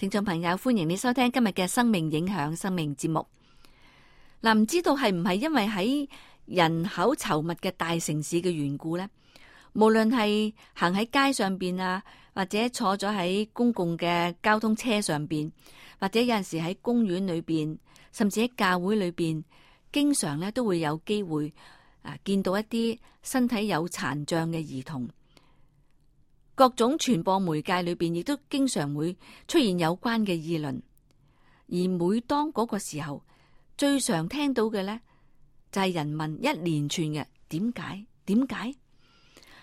聽眾朋友，歡迎你收聽今日嘅《生命影響生命》節目。嗱，啊，唔知道係唔係因為喺人口稠密嘅大城市嘅緣故咧，無論係行喺街上邊啊，或者坐咗喺公共嘅交通車上邊，或者有陣時喺公園裏邊，甚至喺教會裏邊，經常咧都會有機會啊見到一啲身體有殘障嘅兒童。各種傳播媒介裏邊亦都經常會出現有關嘅議論，而每當嗰個時候，最常聽到嘅呢，就係、是、人民一連串嘅點解點解。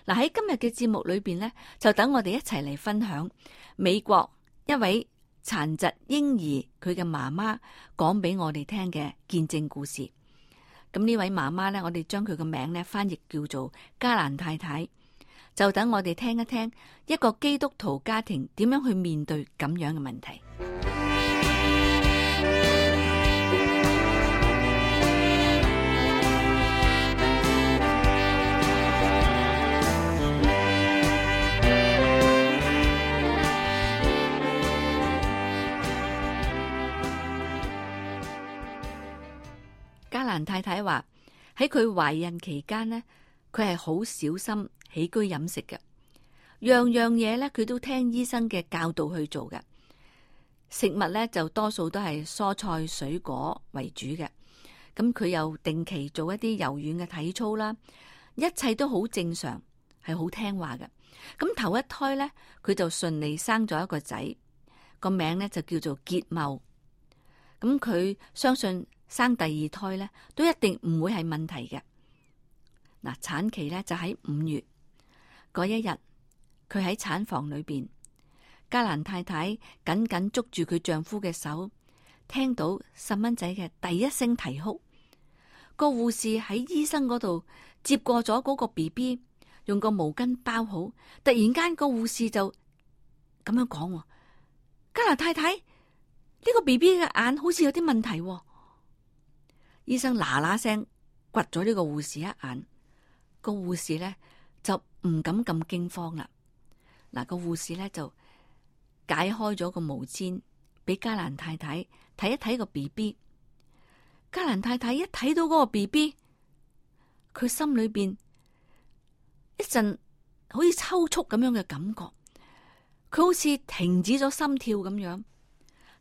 嗱喺、啊、今日嘅節目裏邊呢，就等我哋一齊嚟分享美國一位殘疾嬰兒佢嘅媽媽講俾我哋聽嘅見證故事。咁、嗯、呢位媽媽呢，我哋將佢嘅名呢，翻譯叫做加蘭太太。就等我哋聽一聽一個基督徒家庭點樣去面對咁樣嘅問題。嘉蘭太太話，喺佢懷孕期間呢，佢係好小心。起居飲食嘅樣樣嘢咧，佢都聽醫生嘅教導去做嘅。食物咧就多數都係蔬菜水果為主嘅。咁佢又定期做一啲柔軟嘅體操啦，一切都好正常，係好聽話嘅。咁頭一胎咧，佢就順利生咗一個仔，個名咧就叫做傑茂。咁佢相信生第二胎咧，都一定唔會係問題嘅。嗱，產期咧就喺五月。嗰一日，佢喺產房裏邊，加蘭太太緊緊捉住佢丈夫嘅手，聽到細蚊仔嘅第一聲啼哭。個護士喺醫生嗰度接過咗嗰個 B B，用個毛巾包好。突然間，個護士就咁樣講：加蘭太太，呢個 B B 嘅眼好似有啲問題哦。醫生嗱嗱聲，掘咗呢個護士一眼。個護士咧。唔敢咁驚慌啦！嗱、那個，個護士咧就解開咗個毛氈，俾加蘭太太睇一睇個 B B。加蘭太太一睇到嗰個 B B，佢心裏邊一陣好似抽搐咁樣嘅感覺，佢好似停止咗心跳咁樣。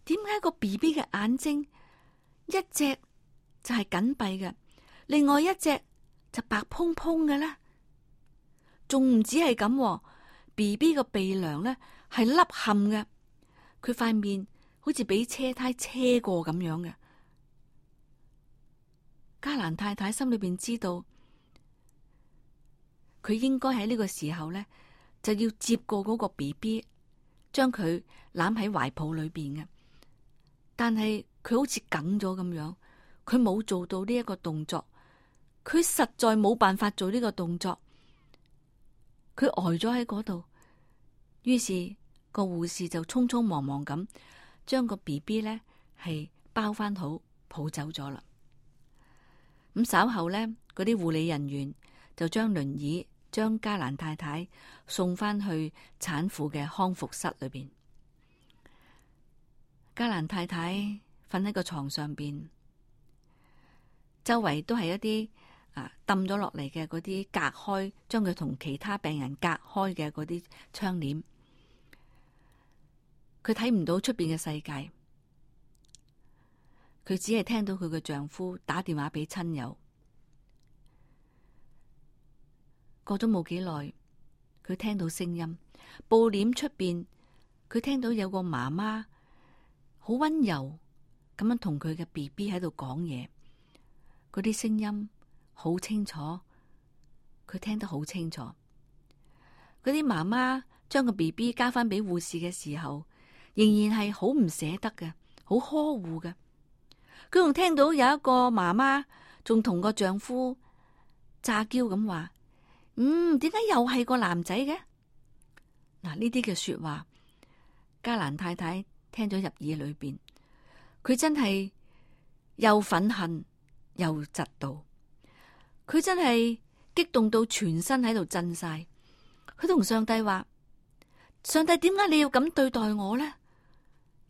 點解個 B B 嘅眼睛一隻就係緊閉嘅，另外一隻就白蓬蓬嘅咧？仲唔止係咁，B B 個鼻梁咧係凹陷嘅，佢塊面好似俾車胎車過咁樣嘅。嘉蘭太太心裏邊知道，佢應該喺呢個時候咧就要接過嗰個 B B，將佢攬喺懷抱裏邊嘅。但係佢好似梗咗咁樣，佢冇做到呢一個動作，佢實在冇辦法做呢個動作。佢呆咗喺嗰度，於是個護士就匆匆忙忙咁將個 B B 咧係包翻好抱走咗啦。咁稍後咧，嗰啲護理人員就將輪椅，將嘉蘭太太送翻去產婦嘅康復室裏邊。嘉蘭太太瞓喺個床上邊，周圍都係一啲。啊！抌咗落嚟嘅嗰啲隔開，將佢同其他病人隔開嘅嗰啲窗簾，佢睇唔到出邊嘅世界。佢只係聽到佢嘅丈夫打電話俾親友，過咗冇幾耐，佢聽到聲音，布簾出邊，佢聽到有個媽媽好溫柔咁樣同佢嘅 BB 喺度講嘢，嗰啲聲音。好清楚，佢聽得好清楚。嗰啲媽媽將個 B B 交翻俾護士嘅時候，仍然係好唔捨得嘅，好呵護嘅。佢仲聽到有一個媽媽仲同個丈夫詐嬌咁話：嗯，點解又係個男仔嘅？嗱，呢啲嘅說話，嘉蘭太太聽咗入耳裏邊，佢真係又憤恨又嫉妒。佢真係激動到全身喺度震晒，佢同上帝話：上帝點解你要咁對待我呢？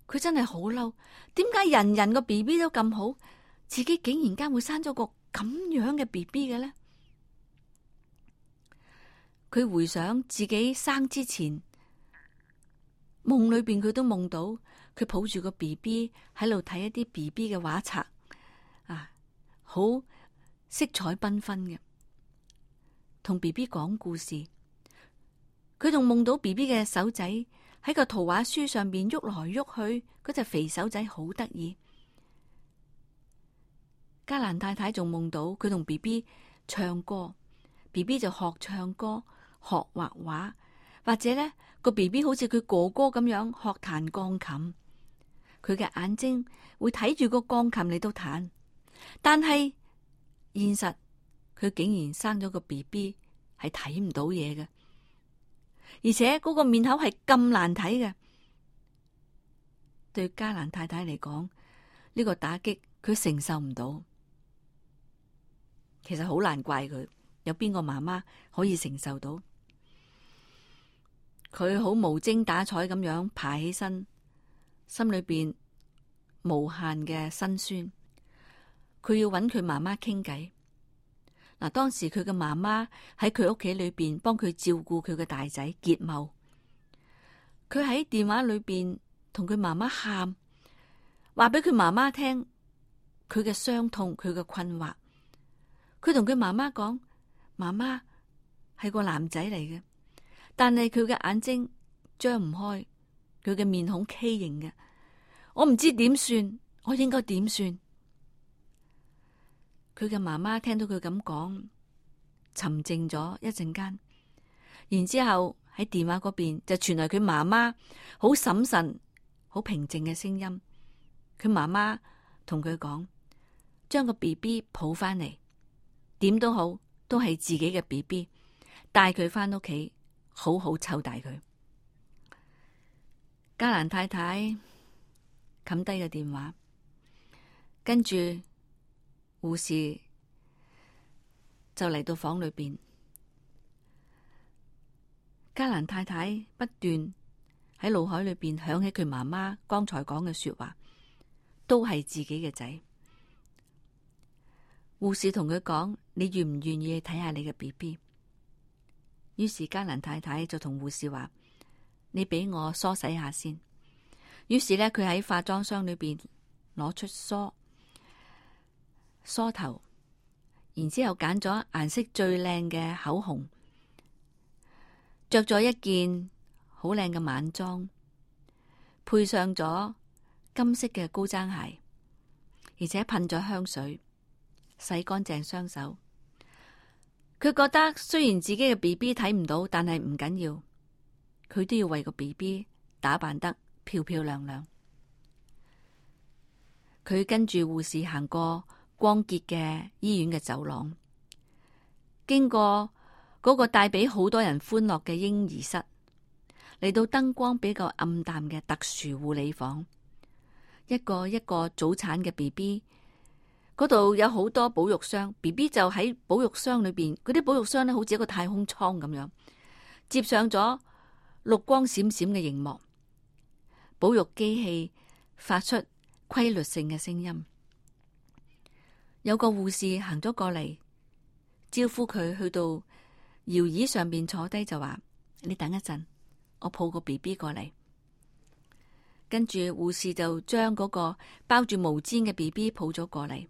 佢真係好嬲，點解人人個 B B 都咁好，自己竟然間會生咗個咁樣嘅 B B 嘅呢？佢回想自己生之前，夢裏邊佢都夢到佢抱住個 B B 喺度睇一啲 B B 嘅畫冊啊，好。色彩繽紛嘅，同 B B 講故事，佢仲夢到 B B 嘅手仔喺個圖畫書上邊喐來喐去，嗰隻肥手仔好得意。嘉蘭太太仲夢到佢同 B B 唱歌，B B 就學唱歌、學畫畫，或者咧個 B B 好似佢哥哥咁樣學彈鋼琴，佢嘅眼睛會睇住個鋼琴嚟到彈，但係。現實，佢竟然生咗個 BB，係睇唔到嘢嘅，而且嗰個面口係咁難睇嘅。對嘉蘭太太嚟講，呢個打擊佢承受唔到，其實好難怪佢。有邊個媽媽可以承受到？佢好無精打采咁樣爬起身，心裏邊無限嘅辛酸。佢要揾佢媽媽傾偈。嗱，當時佢嘅媽媽喺佢屋企裏邊幫佢照顧佢嘅大仔杰茂。佢喺電話裏邊同佢媽媽喊，話俾佢媽媽聽佢嘅傷痛、佢嘅困惑。佢同佢媽媽講：媽媽，係個男仔嚟嘅，但係佢嘅眼睛張唔開，佢嘅面孔畸形嘅。我唔知點算，我應該點算？佢嘅媽媽聽到佢咁講，沉靜咗一陣間，然之後喺電話嗰邊就傳來佢媽媽好審慎、好平靜嘅聲音。佢媽媽同佢講：將個 BB 抱翻嚟，點都好都係自己嘅 BB，帶佢翻屋企，好好湊大佢。加蘭太太冚低個電話，跟住。護士就嚟到房裏邊，嘉蘭太太不斷喺腦海裏邊響起佢媽媽剛才講嘅說話，都係自己嘅仔。護士同佢講：你願唔願意睇下你嘅 BB？於是嘉蘭太太就同護士話：你俾我梳洗下先。於是呢，佢喺化妝箱裏邊攞出梳。梳頭，然之後揀咗顏色最靚嘅口紅，着咗一件好靚嘅晚裝，配上咗金色嘅高踭鞋，而且噴咗香水，洗乾淨雙手。佢覺得雖然自己嘅 BB 睇唔到，但係唔緊要，佢都要為個 BB 打扮得漂漂亮亮。佢跟住護士行過。光潔嘅醫院嘅走廊，經過嗰個帶俾好多人歡樂嘅嬰兒室，嚟到燈光比較暗淡嘅特殊護理房，一個一個早產嘅 B B，嗰度有好多保育箱，B B 就喺保育箱裏邊，嗰啲保育箱咧好似一個太空艙咁樣，接上咗綠光閃閃嘅熒幕，保育機器發出規律性嘅聲音。有個護士行咗過嚟，招呼佢去到搖椅上面坐低就話：你等一陣，我抱個 B B 過嚟。跟住護士就將嗰個包住毛氈嘅 B B 抱咗過嚟。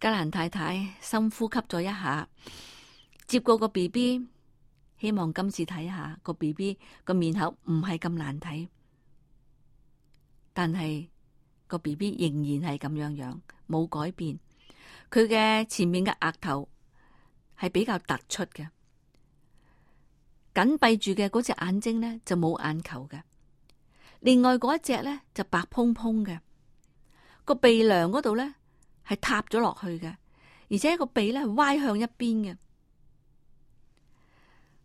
格蘭太太深呼吸咗一下，接過個 B B，希望今次睇下個 B B 個面口唔係咁難睇，但係個 B B 仍然係咁樣樣，冇改變。佢嘅前面嘅額頭係比較突出嘅，緊閉住嘅嗰隻眼睛咧就冇眼球嘅。另外嗰一隻咧就白蓬蓬嘅，個鼻梁嗰度咧係塌咗落去嘅，而且個鼻咧係歪向一邊嘅。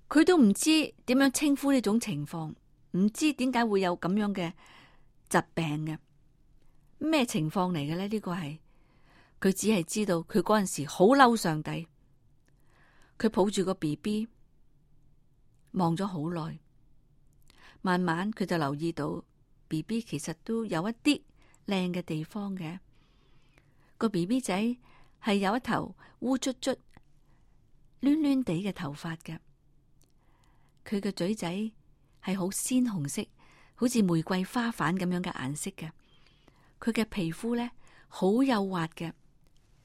佢都唔知點樣稱呼呢種情況，唔知點解會有咁樣嘅疾病嘅，咩情況嚟嘅咧？呢個係。佢只係知道，佢嗰陣時好嬲上帝。佢抱住個 B B 望咗好耐，慢慢佢就留意到 B B 其實都有一啲靚嘅地方嘅。個 B B 仔係有一頭烏卒卒、攣攣地嘅頭髮嘅。佢嘅嘴仔係好鮮紅色，好似玫瑰花瓣咁樣嘅顏色嘅。佢嘅皮膚咧，好幼滑嘅。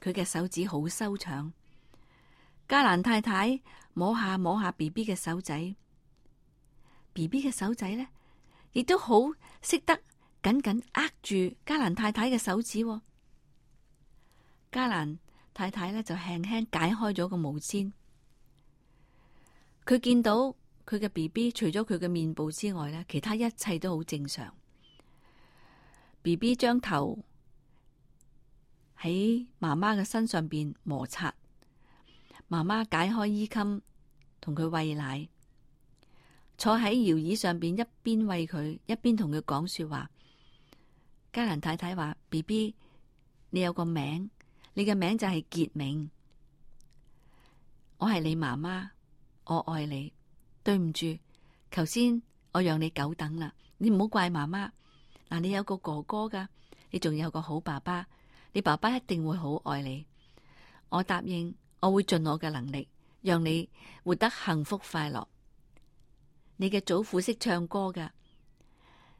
佢嘅手指好修長，加蘭太太摸下摸下 B B 嘅手仔，B B 嘅手仔咧亦都好識得緊緊握住加蘭太太嘅手指，哦。加蘭太太咧就輕輕解開咗個毛氈，佢見到佢嘅 B B 除咗佢嘅面部之外咧，其他一切都好正常。B B 將頭。喺媽媽嘅身上邊摩擦，媽媽解開衣襟，同佢餵奶，坐喺搖椅上邊一邊餵佢一邊同佢講說話。嘉蘭太太話：B B，你有個名，你嘅名就係傑明，我係你媽媽，我愛你。對唔住，求先我讓你久等啦，你唔好怪媽媽。嗱，你有個哥哥噶，你仲有個好爸爸。你爸爸一定會好愛你，我答應我會盡我嘅能力，讓你活得幸福快樂。你嘅祖父識唱歌㗎，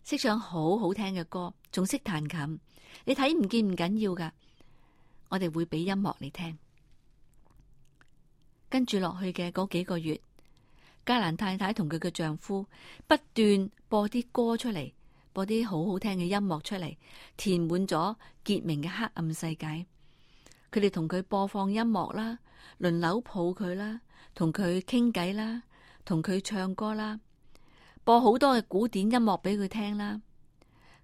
識唱好好聽嘅歌，仲識彈琴。你睇唔見唔緊要噶，我哋會俾音樂你聽。跟住落去嘅嗰幾個月，加蘭太太同佢嘅丈夫不斷播啲歌出嚟。嗰啲好好聽嘅音樂出嚟，填滿咗傑明嘅黑暗世界。佢哋同佢播放音樂啦，輪流抱佢啦，同佢傾偈啦，同佢唱歌啦，播好多嘅古典音樂俾佢聽啦。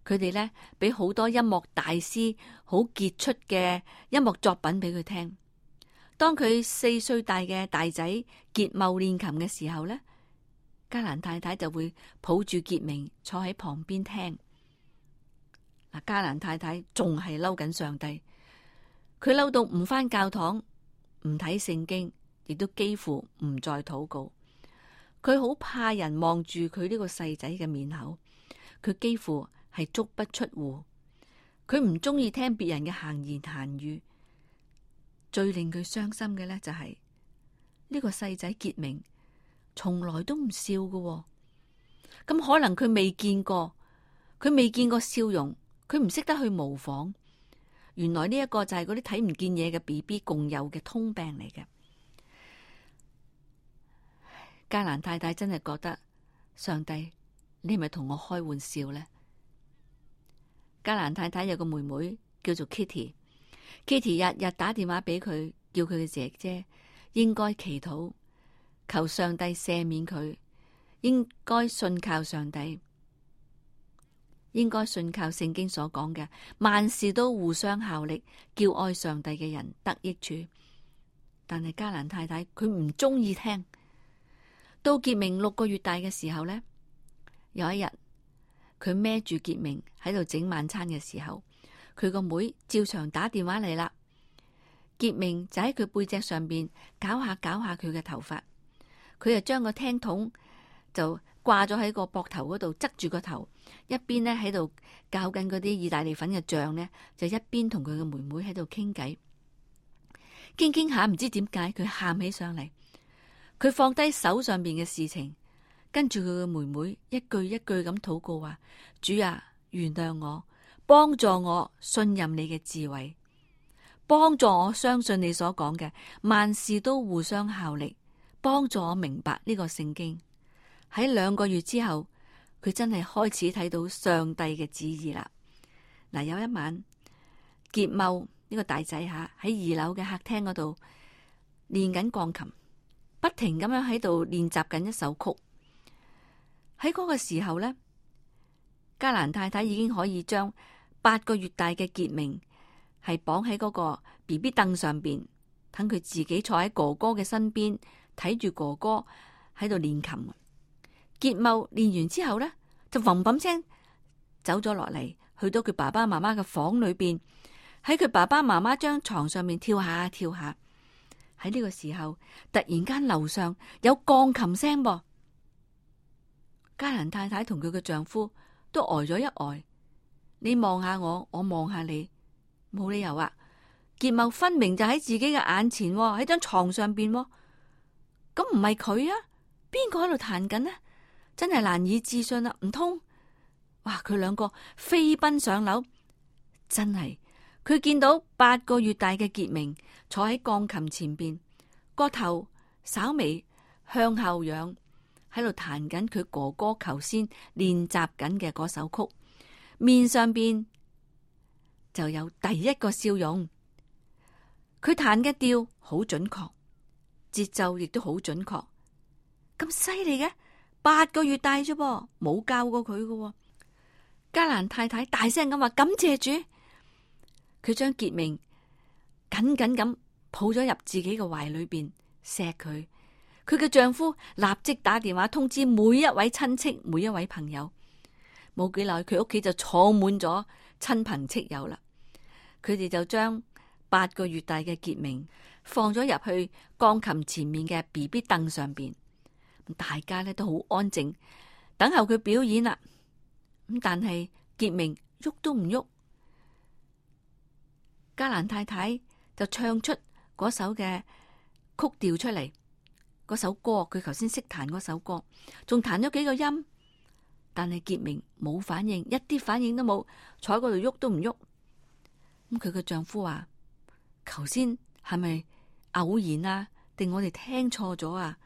佢哋咧，俾好多音樂大師好傑出嘅音樂作品俾佢聽。當佢四歲大嘅大仔傑茂練琴嘅時候咧，迦蘭太太就會抱住杰明坐喺旁邊聽。嗱，迦蘭太太仲係嬲緊上帝，佢嬲到唔翻教堂，唔睇聖經，亦都幾乎唔再禱告。佢好怕人望住佢呢個細仔嘅面口，佢幾乎係足不出戶。佢唔中意聽別人嘅閒言閒語。最令佢傷心嘅咧，就是，就係呢個細仔杰明。從來都唔笑嘅、哦，咁可能佢未見過，佢未見過笑容，佢唔識得去模仿。原來呢一個就係嗰啲睇唔見嘢嘅 B B 共有嘅通病嚟嘅。加蘭太太真係覺得上帝，你係咪同我開玩笑呢？」加蘭太太有個妹妹叫做 Kitty，Kitty 日日打電話俾佢，叫佢嘅姐姐應該祈禱。求上帝赦免佢，應該信靠上帝，應該信靠聖經所講嘅，萬事都互相效力，叫愛上帝嘅人得益處。但係加蘭太太佢唔中意聽。到杰明六個月大嘅時候呢，有一日佢孭住杰明喺度整晚餐嘅時候，佢個妹妹照常打電話嚟啦。杰明就喺佢背脊上邊搞下搞下佢嘅頭髮。佢就將個聽筒就掛咗喺個膊頭嗰度，側住個頭，一邊咧喺度搞緊嗰啲意大利粉嘅醬呢，就一邊同佢嘅妹妹喺度傾偈。傾傾下，唔知點解佢喊起上嚟，佢放低手上邊嘅事情，跟住佢嘅妹妹一句一句咁禱告話：主啊，原諒我，幫助我，信任你嘅智慧，幫助我相信你所講嘅萬事都互相效力。幫助我明白呢個聖經喺兩個月之後，佢真係開始睇到上帝嘅旨意啦。嗱、呃，有一晚，杰茂呢個大仔吓喺二樓嘅客廳嗰度練緊鋼琴，不停咁樣喺度練習緊一首曲。喺嗰個時候咧，加蘭太太已經可以將八個月大嘅杰明係綁喺嗰個 BB 凳上邊，等佢自己坐喺哥哥嘅身邊。睇住哥哥喺度練琴，杰茂練完之後咧，就嘭嘭聲走咗落嚟，去到佢爸爸媽媽嘅房裏邊，喺佢爸爸媽媽張床上面跳下跳下。喺呢個時候，突然間樓上有鋼琴聲噃、啊。嘉蘭太太同佢嘅丈夫都呆咗一呆，你望下我，我望下你，冇理由啊！杰茂分明就喺自己嘅眼前喺、啊、張床上邊、啊。咁唔係佢啊？邊個喺度彈緊呢？真係難以置信呀！唔通，哇！佢兩個飛奔上樓，真係佢見到八個月大嘅杰明坐喺鋼琴前邊，個頭稍微向後仰，喺度彈緊佢哥哥頭先練習緊嘅嗰首曲，面上邊就有第一個笑容。佢彈嘅調好準確。節奏亦都好準確，咁犀利嘅？八個月大啫，冇教過佢嘅。加蘭太太大聲咁話，感謝主，佢將傑明緊緊咁抱咗入自己嘅懷裏邊，錫佢。佢嘅丈夫立即打電話通知每一位親戚、每一位朋友。冇幾耐，佢屋企就坐滿咗親朋戚友啦。佢哋就將八個月大嘅傑明，放咗入去鋼琴前面嘅 BB 凳上邊，咁大家咧都好安靜，等候佢表演啦。咁但係杰明喐都唔喐，嘉蘭太太就唱出嗰首嘅曲調出嚟，嗰首歌佢頭先識彈嗰首歌，仲彈咗幾個音，但係杰明冇反應，一啲反應都冇，坐喺嗰度喐都唔喐。咁佢嘅丈夫話：，頭先係咪？偶然啊，定我哋聽錯咗啊？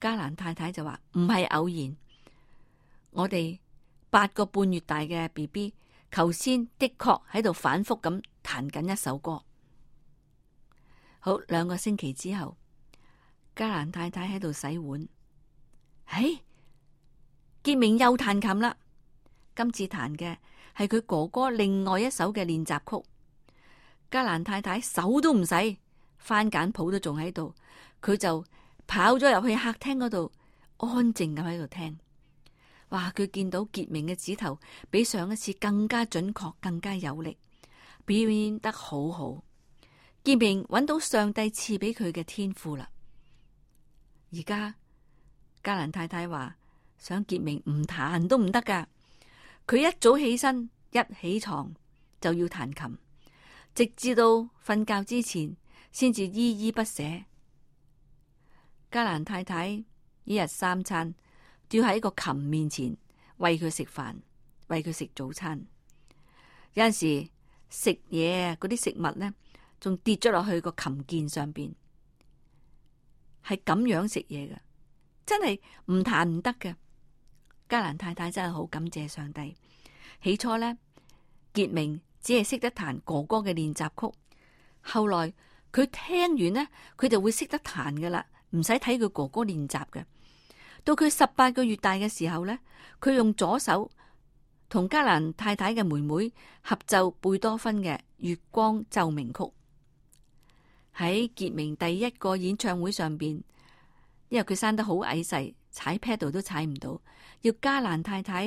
加蘭太太就話唔係偶然，我哋八個半月大嘅 BB，頭先的確喺度反复咁彈緊一首歌。好，兩個星期之後，加蘭太太喺度洗碗，唉、哎，杰明又彈琴啦。今次彈嘅係佢哥哥另外一首嘅練習曲。加蘭太太手都唔使。翻簡譜都仲喺度，佢就跑咗入去客廳嗰度安靜咁喺度聽。哇！佢見到傑明嘅指頭比上一次更加準確，更加有力，表演得好好。傑明搵到上帝賜俾佢嘅天賦啦。而家嘉蘭太太話想傑明唔彈都唔得噶，佢一早起身，一起床就要彈琴，直至到瞓覺之前。先至依依不捨。加蘭太太一日三餐都要喺個琴面前餵佢食飯，餵佢食早餐。有陣時食嘢嗰啲食物咧，仲跌咗落去個琴鍵上邊，係咁樣食嘢噶，真係唔彈唔得嘅。加蘭太太真係好感謝上帝。起初咧，傑明只係識得彈哥哥嘅練習曲，後來。佢聽完呢，佢就會識得彈噶啦，唔使睇佢哥哥練習嘅。到佢十八個月大嘅時候呢，佢用左手同加蘭太太嘅妹妹合奏貝多芬嘅月光奏鳴曲。喺杰明第一個演唱會上邊，因為佢生得好矮細，踩 pedal 都踩唔到，要加蘭太太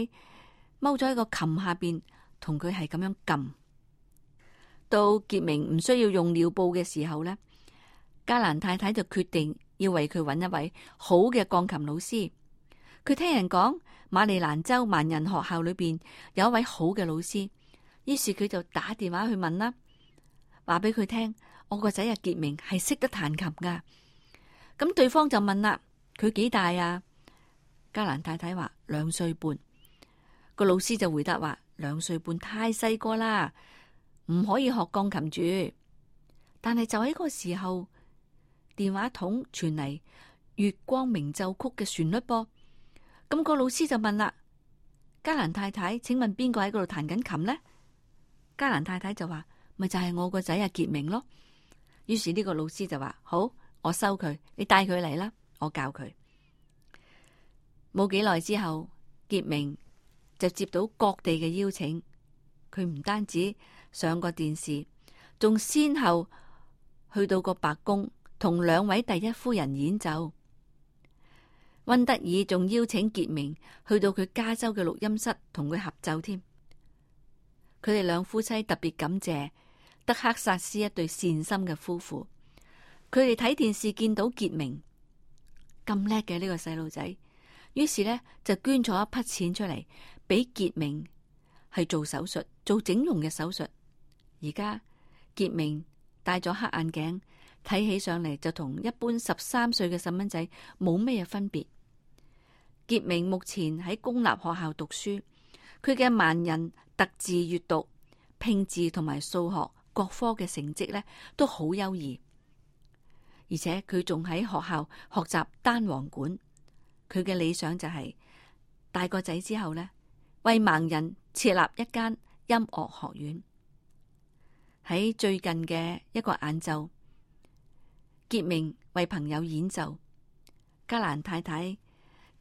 踎咗喺個琴下邊同佢係咁樣撳。到傑明唔需要用尿布嘅時候咧，加蘭太太就決定要為佢揾一位好嘅鋼琴老師。佢聽人講馬里蘭州盲人學校裏邊有一位好嘅老師，於是佢就打電話去問啦，話俾佢聽我個仔啊傑明係識得彈琴噶咁對方就問啦，佢幾大啊？加蘭太太話兩歲半，個老師就回答話兩歲半太細個啦。唔可以學鋼琴住，但係就喺個時候，電話筒傳嚟《月光鳴奏曲》嘅旋律。噃、嗯、咁、個老師就問啦：嘉蘭太太，請問邊個喺嗰度彈緊琴咧？嘉蘭太太就話：咪就係、是、我個仔啊，傑明咯。於是呢個老師就話：好，我收佢，你帶佢嚟啦，我教佢。冇幾耐之後，傑明就接到各地嘅邀請。佢唔單止。上過電視，仲先後去到個白宮同兩位第一夫人演奏。溫德爾仲邀請傑明去到佢加州嘅錄音室同佢合奏添。佢哋兩夫妻特別感謝德克薩斯一對善心嘅夫婦。佢哋睇電視見到傑明咁叻嘅呢個細路仔，於是呢就捐咗一筆錢出嚟俾傑明，係做手術做整容嘅手術。而家杰明戴咗黑眼鏡，睇起上嚟，就同一般十三歲嘅細蚊仔冇咩分別。杰明目前喺公立學校讀書，佢嘅盲人特字閱讀、拼字同埋數學各科嘅成績咧都好優異，而且佢仲喺學校學習單簧管。佢嘅理想就係、是、大個仔之後呢，為盲人設立一間音樂學院。喺最近嘅一個晏晝，傑明為朋友演奏。加蘭太太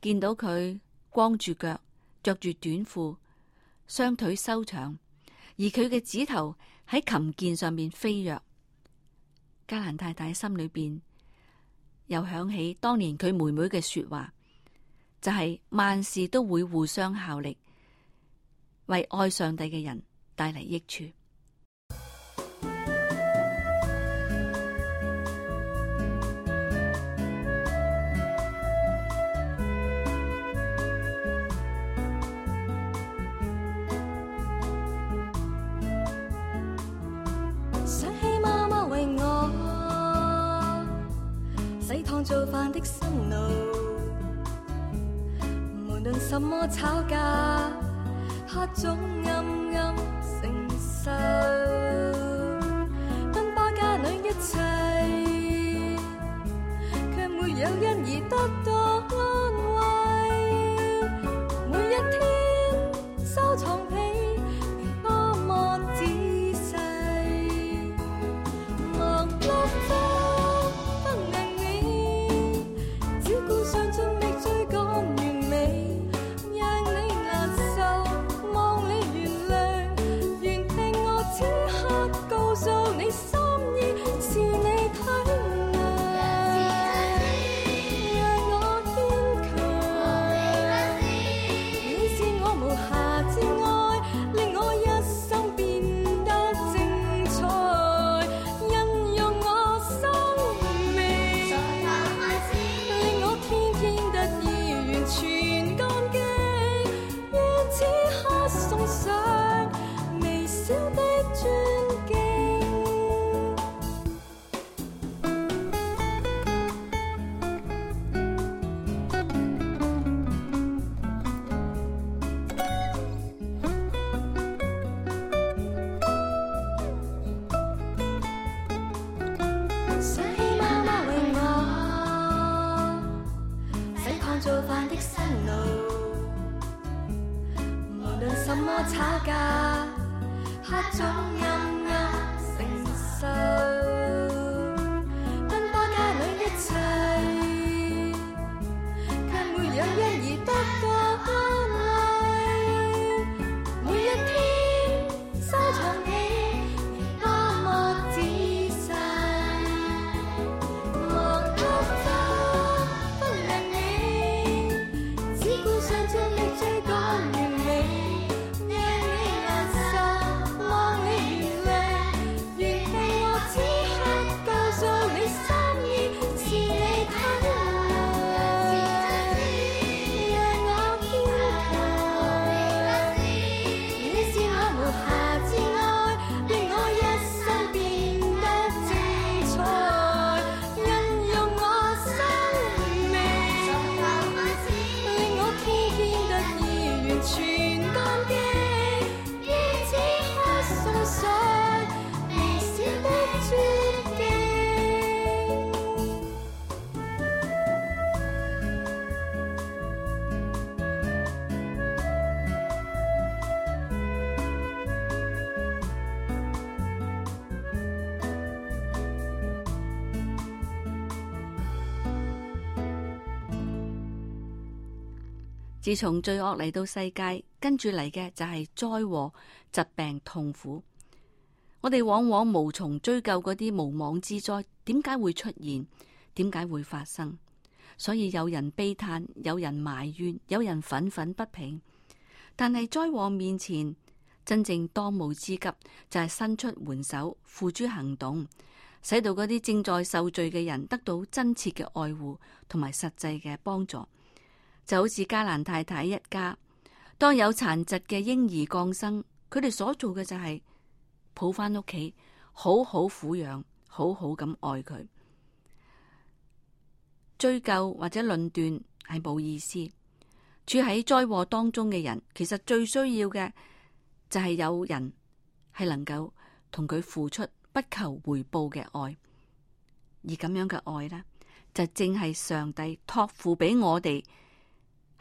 見到佢光住腳，着住短褲，雙腿修長，而佢嘅指頭喺琴鍵上面飛躍。加蘭太太心裏邊又想起當年佢妹妹嘅說話，就係萬事都會互相效力，為愛上帝嘅人帶嚟益處。洗燙做飯的辛勞，無論什麼吵架，她總暗暗承受。奔波家裏一切，卻沒有因而得到。自從罪惡嚟到世界，跟住嚟嘅就係災禍、疾病、痛苦。我哋往往無從追究嗰啲無妄之災點解會出現、點解會發生。所以有人悲嘆，有人埋怨，有人憤憤不平。但係災禍面前，真正當務之急就係伸出援手，付諸行動，使到嗰啲正在受罪嘅人得到真切嘅愛護同埋實際嘅幫助。就好似加蘭太太一家，當有殘疾嘅嬰兒降生，佢哋所做嘅就係抱返屋企，好好撫養，好好咁愛佢。追究或者論斷係冇意思。處喺災禍當中嘅人，其實最需要嘅就係有人係能夠同佢付出不求回報嘅愛，而咁樣嘅愛呢，就正係上帝託付俾我哋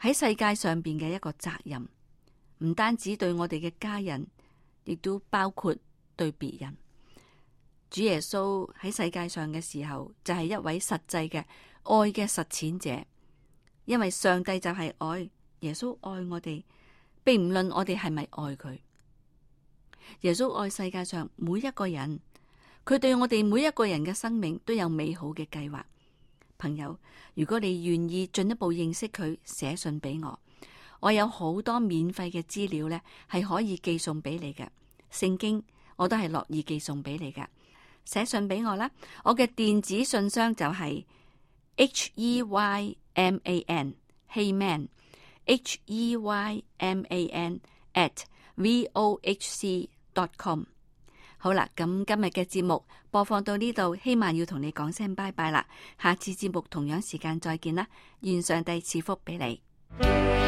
喺世界上邊嘅一個責任，唔單止對我哋嘅家人，亦都包括對別人。主耶穌喺世界上嘅時候，就係一位實際嘅愛嘅實踐者。因為上帝就係愛，耶穌愛我哋，並唔論我哋係咪愛佢。耶穌愛世界上每一個人，佢對我哋每一個人嘅生命都有美好嘅計劃。朋友，如果你願意進一步認識佢，寫信俾我，我有好多免費嘅資料咧，係可以寄送俾你嘅。聖經，我都係樂意寄送俾你嘅。寫信俾我啦，我嘅電子信箱就係 h e y m a n，Heyman，h e y m a n at v o h c dot com。好啦，咁今日嘅節目播放到呢度，希望要同你講聲拜拜啦。下次節目同樣時間再見啦，願上帝賜福俾你。